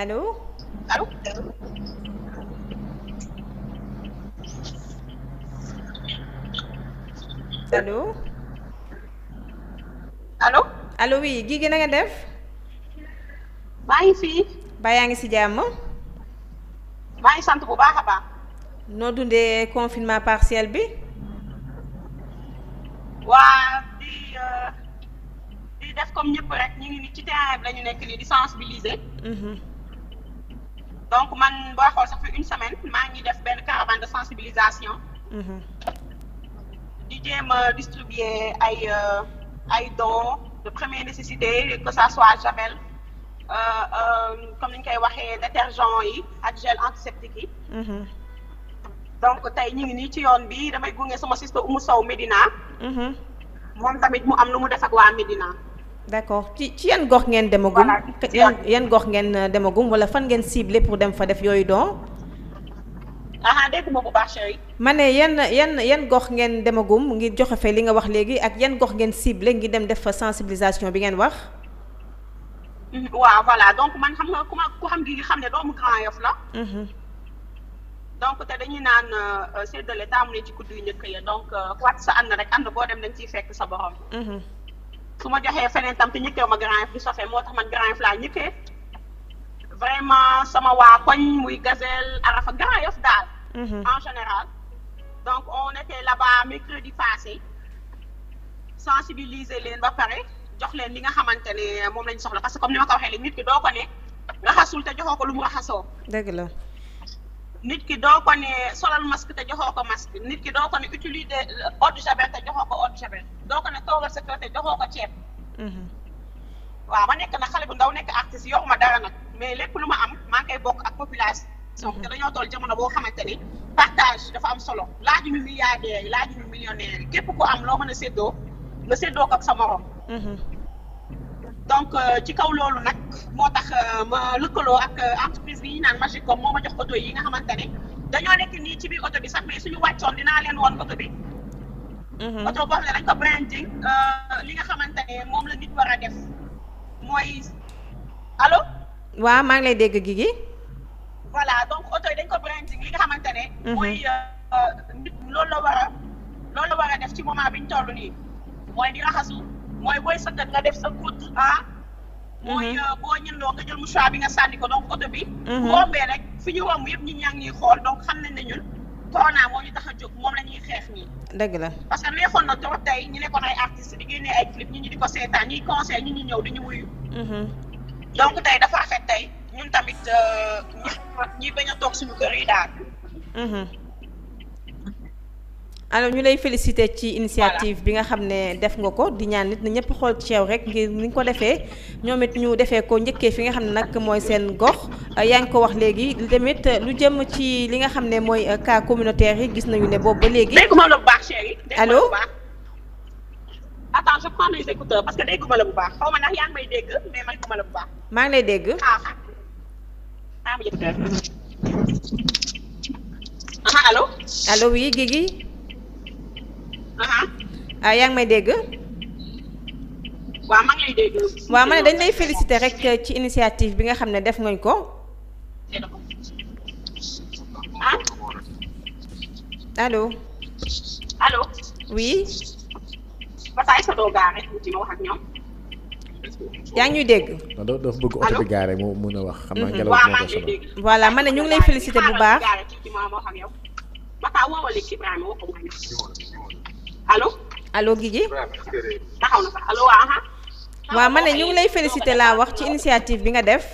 allo. alo alo allo. allo oui Guigui na nga def. maa ngi fi ba yaa ngi si jàmm. maa ngi sant bu baax a baax. noo dundee confinement partiel bi. waa di euh, di def comme ñëpp rek ñu ngi ni ci terrain bi nekk nii di sensibiliser. Mhm. donc man boo xool sax fi une semaine maa ngi def benn caravane de sensibilisation. Mhm. di jéem a distribuer ay euh, ay dons de première nécessité que ça soit javel euh, euh, comme ni koy waxee détergent yi ak gel antiseptique yi. Mhm. donc tey ñu ngi nii ci yoon bi damay gunge sama sister Oumou Sow médina mhm. moom tamit mu am lu mu def ak waa médina d'accord ci ci yan gox ngeen demagum. yan yan gox ngeen euh, demagum wala fan ngeen ciblé pour dem fa def yooyu don. ah ma bu baax chérie. ma ne yan yan gox ngeen demagum ngir joxe fa li nga wax léegi ak yan gox ngeen cible ngi dem def fa sensibilisation bi ngeen wax. Mm-hmm. waaw voilà donc man xam nga ku xam gi xam ne doomu Grand yof la. Mm-hmm. donc te dañuy naan euh, séddale taamu ne ci kuddu yu njëkk ya donc euh, ku wat sa ànd rek ànd boo dem dañ ciy fekk sa borom. Mm-hmm. su ma joxee feneen tam te ñëkkee ma Grand Yoff du sofee moo tax man Grand Yoff laa ñëkkee vraiment sama waa koñ muy Gazelle Arafa Grand Yoff daal. Mhm. en général. donc on était là-bas mercredi passé sensibiliser leen ba pare jox leen li nga xamante ne moom lañ soxla parce que comme ni ma ko waxee léegi nit ki doo ko ne raxasul te joxoo ko lu mu raxasoo. dëgg la. nit ki doo ko ne solal masque te joxoo ko masque nit ki doo ko ne utiliser eau de javel te joxoo ko eau de javel doo ko ne toogal sa kër te ko ceeb. Mhm. waaw ma nekk nag xale bu ndaw nekk artiste yoruma dara nag mais lépp lu ma am maa koy bokk ak population mhm. te dañoo tool jamono boo xamante ni partage dafa am solo laaju ñu milliardaires yi laaju ñu képp ku am loo mën a séddoo nga séddoo ko ak sa morom. Mhm. donc euh, ci kaw loolu nag moo tax euh, ma lëkkaloo ak euh, entreprise bi ñu naan Magicom moo ma jox oto yi nga xamante dañoo nekk nii ci biir oto bi sax mais suñu wàccoon dinaa leen woon oto bi. Mhm. oto boo xam dañ ko branding li nga xamante ne a def mooy maa ngi lay dégg Guigui. voilà donc oto yi dañ ko xamante ne. Mhm. mooy nit loolu la war a loolu la war a def ci moment bi ñu toll nii mooy di raxasu. mooy booy sëggat nga def sa côte ah. Mhm. mooy euh, boo ñëndoo nga jël mouchoir bi nga sànni ko donc oto bi. rombee mhm. rek fi ñu romb yëpp ñi ñaa ngi xool donc xam nañ ne ñun. corona moo ñu tax a jóg moom la ñuy xeex dëgg la parce que neexoon na trop tey ñu nekkoon ay artistes di génnee ay clip ñu ñu di ko seetaan ñuy conseil ñu ñu ñëw di wuyu. Mhm. donc tey dafa afet tey ñun tamit euh, ñi bañ a toog suñu kër yi daal. alors ñu lay féliciter ci initiative bi nga xam ne def nga ko di ñaan nit na ñëpp xool ci yow rek ngir ni nga ko defee ñoom it ñu defee ko njëkkee fi nga xam ne nag mooy seen gox euh, yaa ngi ko wax léegi tamit euh, lu jëm ci li nga xam ne mooy euh, cas communautaire yi gis nañu ne boobu ba léegi. dégguma la bu baax chérie. la bu baax. attends je prends les écouteurs parce que dégguma la bu baax xaw ma ndax may dégg mais man dégguma bu baax. maa ngi dégg. ah, ah. ah, ah Ah, yaa ngi may dégg. waaw maa ngi dañ lay féliciter rek euh, ci initiative bi nga xam ne def ngañ ko. allo. Ah. allo. yaa ngi ñuy dégg. dafa bëgg oto bi gaare mu mun a wax. xam naa mm-hmm. ngelaw bi moo koy ma ne ñu ngi lay féliciter bu baax. allo. gi Guigui. taxaw na sax ne ñu ngi lay félicité laa wax ci initiative bi nga def.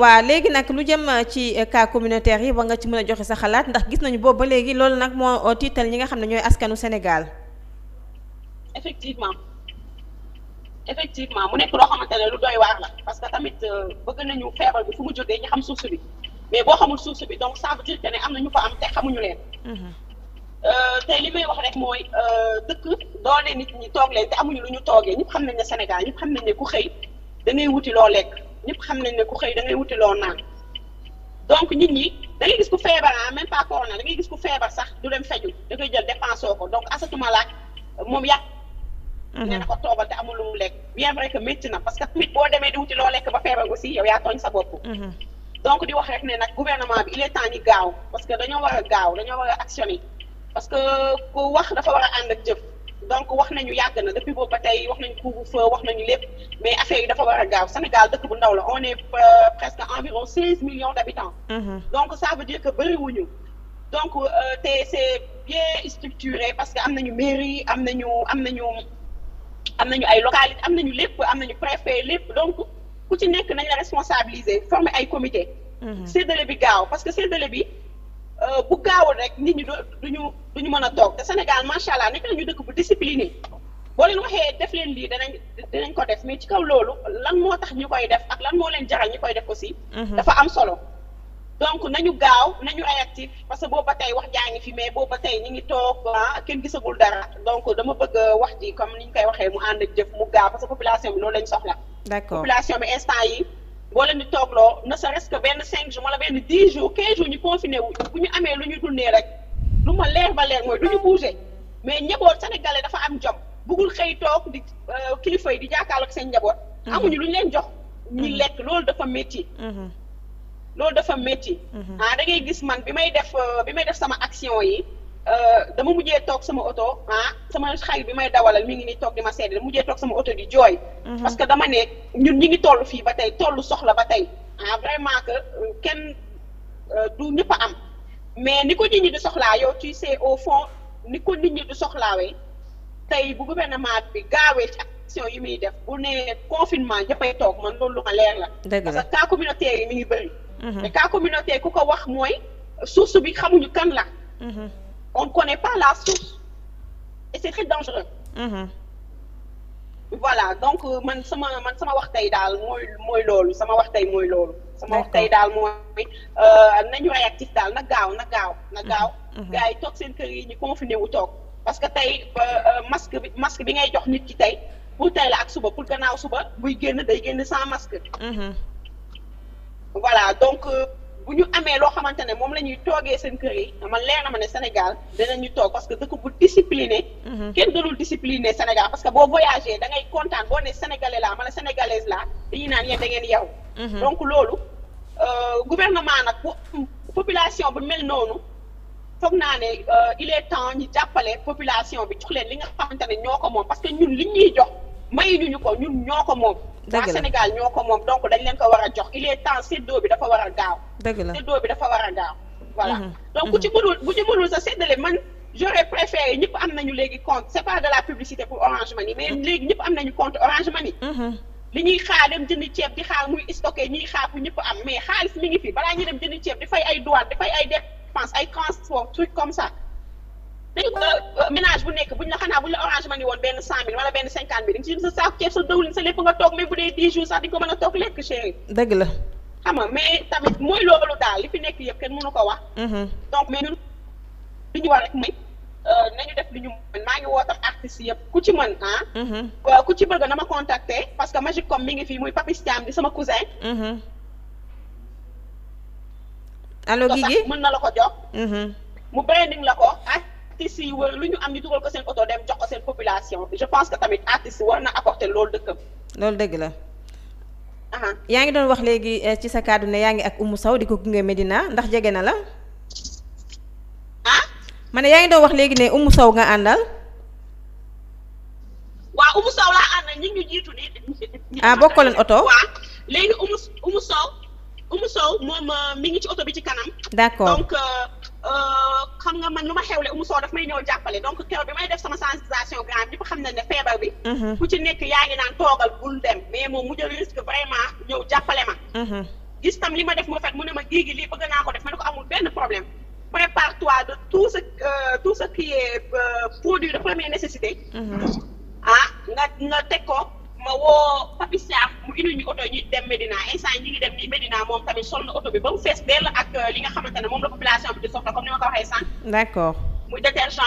waa léegi nag lu jëm ci cas communautaire yi ba nga ci mën a joxe sa xalaat ndax gis nañu boobu ba léegi loolu nag moo tiital ñi nga xam ne ñooy askanu Sénégal. effectivement effectivement mu nekk loo xamante ne lu doy waar la parce que tamit euh, bëgg nañu feebar bi fu mu jógee ñu xam source bi mais boo xamul source bi donc ça veut dire que ne am na ñu fa am te xamuñu leen. Mhm. Euh, te li may wax rek mooy euh, dëkk doone nit ñi toog leen te amuñu lu ñu toogee ñëpp xam ne ne Sénégal ñëpp xam nañ ne ku xëy da ngay wuti loo lekk ñëpp xam nañ ne ku xëy da ngay wuti loo naan donc nit ñi da ngay gis ku feebar ah même pas corona da ngay gis ku feebar sax du dem feju da jël dépensé ko donc asatuma laaj moom yàq. Mhm. nee na ko toogal te amul lu mu lekk. bien vrai que na parce que nit boo demee di wuti loo lekk ba feebar aussi yow yaa tooñ sa bopp. Mhm. donc di ne nag gouvernement bi il est temps ñu que dañoo war a gaaw dañoo war parce que ku wax dafa war a ànd ak jëf donc wax nañu yàgg na depuis boobu ba tey wax nañu couvre-feu wax nañu lépp mais affaire yi dafa war a gaaw Sénégal dëkk bu ndaw la on est euh, presque environ seize millions d'habitants. Mm-hmm. donc saa veut dire que bëriwuñu. donc euh, te c'est bien structuré parce que am nañu mairie am nañu am nañu am nañu ay localité am nañu lépp am nañu préfet lépp donc ku ci nekk nañ la responsabiliser former ay comité. Mm-hmm. séddale bi gaaw parce que séddale bi. Euh, bu gaawul rek nit ñi duñu duñu mën a toog te Sénégal macha allah nekk nañu dëkk bu discipliné boo leen waxee def leen lii danañ dinañ ko def mais ci kaw loolu lan moo tax ñu koy def ak lan moo leen jaral ñu koy def aussi. Mhm. dafa am solo. donc nañu gaaw nañu ay actif parce que boobu ba tey wax jaa ngi fi mais boobu ba tey ñu ngi toog ah, kenn gisagul dara donc dama bëgg wax ji comme ni ñu koy waxee mu ànd ak jëf mu gaaw parce que population bi loolu lañ soxla. d'accord population bi instant yi boo leen di toogloo ne serait-ce que benn cinq jours wala benn dix jours quinze jours ñu confiné wu bu ñu amee lu ñu dundee rek lu ma leer ba leer mooy du ñu bougé mais njaboot sénégalais dafa am jom bëggul xëy toog di euh, kilifa yi jàkkaarloo ak njaboot. Mhm. amuñu lu ñu leen jox. ñu mhm. lekk loolu dafa métti. Mhm. loolu dafa métti. ah da ngay gis man bi may def euh, bi may def sama action yi. Euh, dama mujjee toog sama oto ah sama xarit bi may dawalal mi ngi nii toog di ma seede dama mujjee toog sama oto di jooy. Mhm. parce que dama ne ñun ñi ngi toll fii ba tey tollu soxla ba tey ah vraiment que euh, kenn euh, du ñëpp am mais ni ko nit ñi di soxlaa yow tu sais au fond ni ko nit ñi di soxlaawee tey bu gouvernement bi gaawee ci action yi muy def bu nee confinement ñëppay toog man loolu ma leer la. dëgg la parce que cas communautaire yi mi ngi bëri. te mhm. cas ku ko wax mooy source bi xamuñu kan la. Mhm. on ne connaît pas la source et c'est très dangereux. Mm-hmm. voilà donc euh, man sama man sama wax tey daal mooy mooy loolu sama wax tey mooy loolu. sama wax tey daal mooy euh, nañu réactif daal na gaaw na gaaw. na mm-hmm. gaaw mm-hmm. gars yi toog seen kër yi ñu confiné wu toog parce que tey euh, masque bi masque bi ngay jox nit ki tey pour tey la ak suba pour gannaaw suba buy génn day génn saa masque. voilà donc. bu ñu amee loo xamante ne moom la ñuy toogee seen kër yi man leer na ma ne Sénégal danañu toog parce que dëkk bu discipliné. Mhm. kenn gënul discipliné Sénégal parce que boo voyagé da ngay kontaan boo ne sénégalais ma man sénégalaise laa dañuy naan yéen da ngeen yow. Mhm. donc loolu euh, gouvernement nag bu population bu mel noonu foog naa ne euh, il est temps ñu jàppale population bi jox leen li nga xamante ne ñoo ko moom parce que ñun li ñuy jox. ñu ko ñun ñoo ko moom. dëgg la Sénégal ñoo ko moom donc dañ leen ko war a jox il est temps séddoo bi dafa war a gaaw. dëgg la séddoo bi dafa war a gaaw. voilà mhm. donc ku mhm. ci mënul bu ci mënul sa séddale man j'aurais préféré ñëpp am nañu léegi compte c'est pas de la publicité pour Orange Money mais léegi ñëpp am nañu compte Orange Money. Mhm. li ñuy xaar dem jënd ceeb di xaar muy stocké ñuy xaar fu ñëpp am mais xaalis mi ngi fii balaa ñuy dem jënd ceeb di di fay ay dépense ay transport truc comme ça. dañ ko euh, ménage bu nekk buñ la xanaa buñ la orange ma ni woon benn cent mille wala benn cinquante mille dañ ci sa saako ceeb sa dëwlin sa lépp nga toog mais bu dee dix jours sax di ko mën a toog lekk chéri dëgg la xam nga mais tamit mooy loolu daal li fi nekk yëpp kenn mënu ko wax mm-hmm. donc mais ñun li ñu war rek mooy euh, nañu def li ñu mën maa ngi wootal artistes yëpp ku ci mën ah mm-hmm. euh, ku ci bëgg na ma contacter parce que Magic comme mi ngi fii muy Papis Thiam di sama cousin mm-hmm. allo Guigui mën na la ko jox mu branding la ko ak ah. artistes yi wër lu ñu am ñu dugal ko seen oto dem jox ko seen population bi je pense que tamit artistes war na apporter loolu dëkkam. loolu dëgg la. yaa ngi doon wax léegi eh, ci sa kàddu ne yaa ngi ak Oumou saw di ko gunge Medina ndax jege na la. ah. ma ne yaa ngi doon wax léegi ne Oumou saw nga àndal. waaw Oumou Sow laa àndal ñu ñu jiitu di. ah bokkoo leen oto. waaw léegi Oumou Oumou euh, ngi ci oto bi ci kanam. d'accord euh, xam nga man lu ma xewle umu soo daf may ñëw jàppale donc keroog bi may def sama sensibilisation grand ñëpp xam ne feebar bi. Mhm. ku ci nekk yaa ngi naan toogal bul dem mais moom mu jël risque vraiment ñëw jàppale ma. Mhm. gis tam li ma def mu rafet mu ne ma géegi lii bëgg naa ko def ma ne ko amul benn problème prépare-toi de tout sa euh, tout sa qui est euh, produit de première nécessité. Mhm. ah nga nga teg ko. ma woo Papi Saaf mu indi ñu oto ñu dem Medina instant ñi dem nii Medina moom tamit sol na oto bi ba mu fees dell ak euh, li nga xamante ne moom la population bi di soxla comme ni ma ko waxee sànq. d'accord muy détergent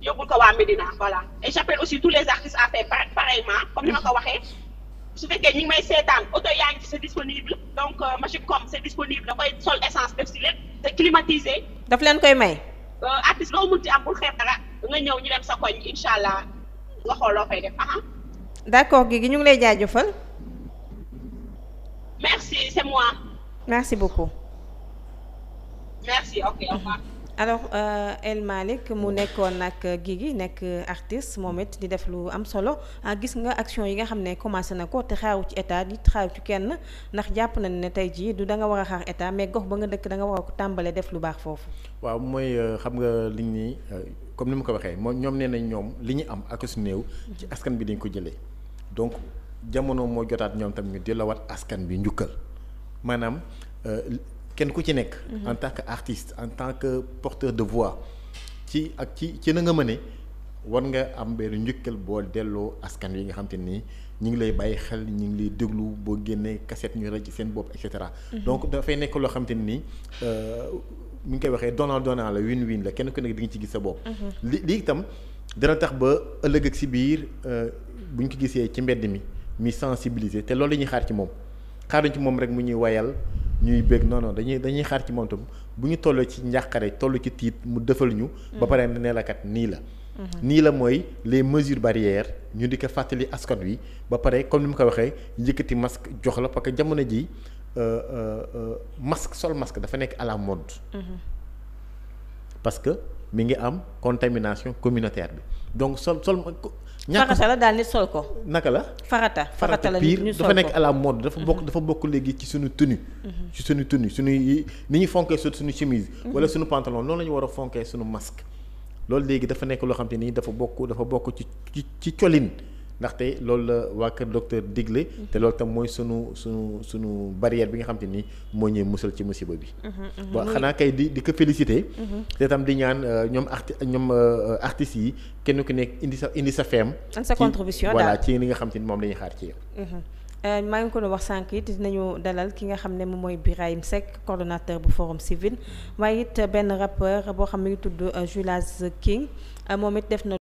eau waa Medina voilà. et aussi tous les artistes à faire pareillement comme ni ma ko waxee. su fekkee ñu may seetaan oto yaa ngi ci c'est disponible donc euh, machine comme c'est disponible da koy sol essence def ci lépp te climatisé. daf leen koy may. Euh, artiste loo munti allah. nga xool loo fay def ah. ñu ngi lay jaajëfal. merci c'est moi. merci beaucoup. alors euh, El Malick mu nekkoon nag gi nekk artiste moom it di def lu am solo ah, gis nga action yi nga xam ne commencé na ko te xaaru ci état di xaaru ci kenn ndax jàpp nañ ne tey jii du danga nga war a xaar état mais gox ba nga dëkk da nga war a ko tàmbalee def lu baax foofu. waaw mooy euh, xam nga li ñuy euh, comme ni mu ko waxee moo ñoom nee nañ ñoom li ñu am ak su néew. ci askan bi dañ ko jëlee donc jamono moo jotaat ñoom tam ñu delluwaat askan bi njukkal maanaam. kenn ku ci nekk. Mhm. en tant que artiste en tant que porteur de voix ci ak ci ci na nga mëne war nga am benn njukkal boo delloo askan wi nga xam te nii ñu ngi lay bàyyi xel ñu ngi lay déglu boo génnee cassette ñu raj seen bopp et cetera. Mhm. donc dafay nekk loo xam te nii euh, mu ngi koy waxee donnant donnant la win win la kenn ku nekk di nga ci gis sa bopp. Mhm. li li itam dana tax ba ëllëg ak si biir euh, bu ñu ko gisee ci mbedd mi muy sensibiliser te loolu la ñuy xaar ci moom xaaruñ ci moom rek mu ñuy wayal. ñuy bëgg non non dañuy dañuy xaar ci moom tam bu ñu toll ci njàqare toll ci tiit mu defal ñu. ba pare ne la kat nii la. Mhm. nii la mooy les mesures barrières ñu di ko fàttali askan wi ba pare comme ni mu ko waxee yëkkati masque jox la parce que jamono ji euh, euh, euh, masque sol masque dafa nekk à la mode. Mhm. parce que mi ngi am contamination communautaire bi donc sol sol farata la daal nit sol ko. naka la farata farata la ñu sol ko dafa nekk à la mode dafa bokk mhm. dafa bokk léegi ci suñu tenue. Mhm. ci suñu tenue suñu ni ñuy fonkee suñu chemise. Mhm. wala suñu pantalon loolu la ñu war a fonkee suñu masque. loolu léegi dafa nekk loo xam te ni dafa bokk dafa bokk ci ci colin. ndaxte loolu la waa kër docteur digle te loolu tam mooy sunu sunu sunu barrière bi nga xam te ni moo ñuy musal ci musiba bi mhm, mhm. bon xanaa kay di di ko félicité mhm. te tam di ñaan euh, ñoom arti ñoom euh, artistes yi kenn ku nekk indi sa indi sa feem sa contribution voilà ci li nga xam te ni moom la ñuy xaar ci yow euh, maa ngi ko doon wax sànq it dinañu dalal ki nga xam ne moom mooy Birahim Seck coordonnateur bu forum civil waaye it benn rappeur boo xam ngi tudd Julas King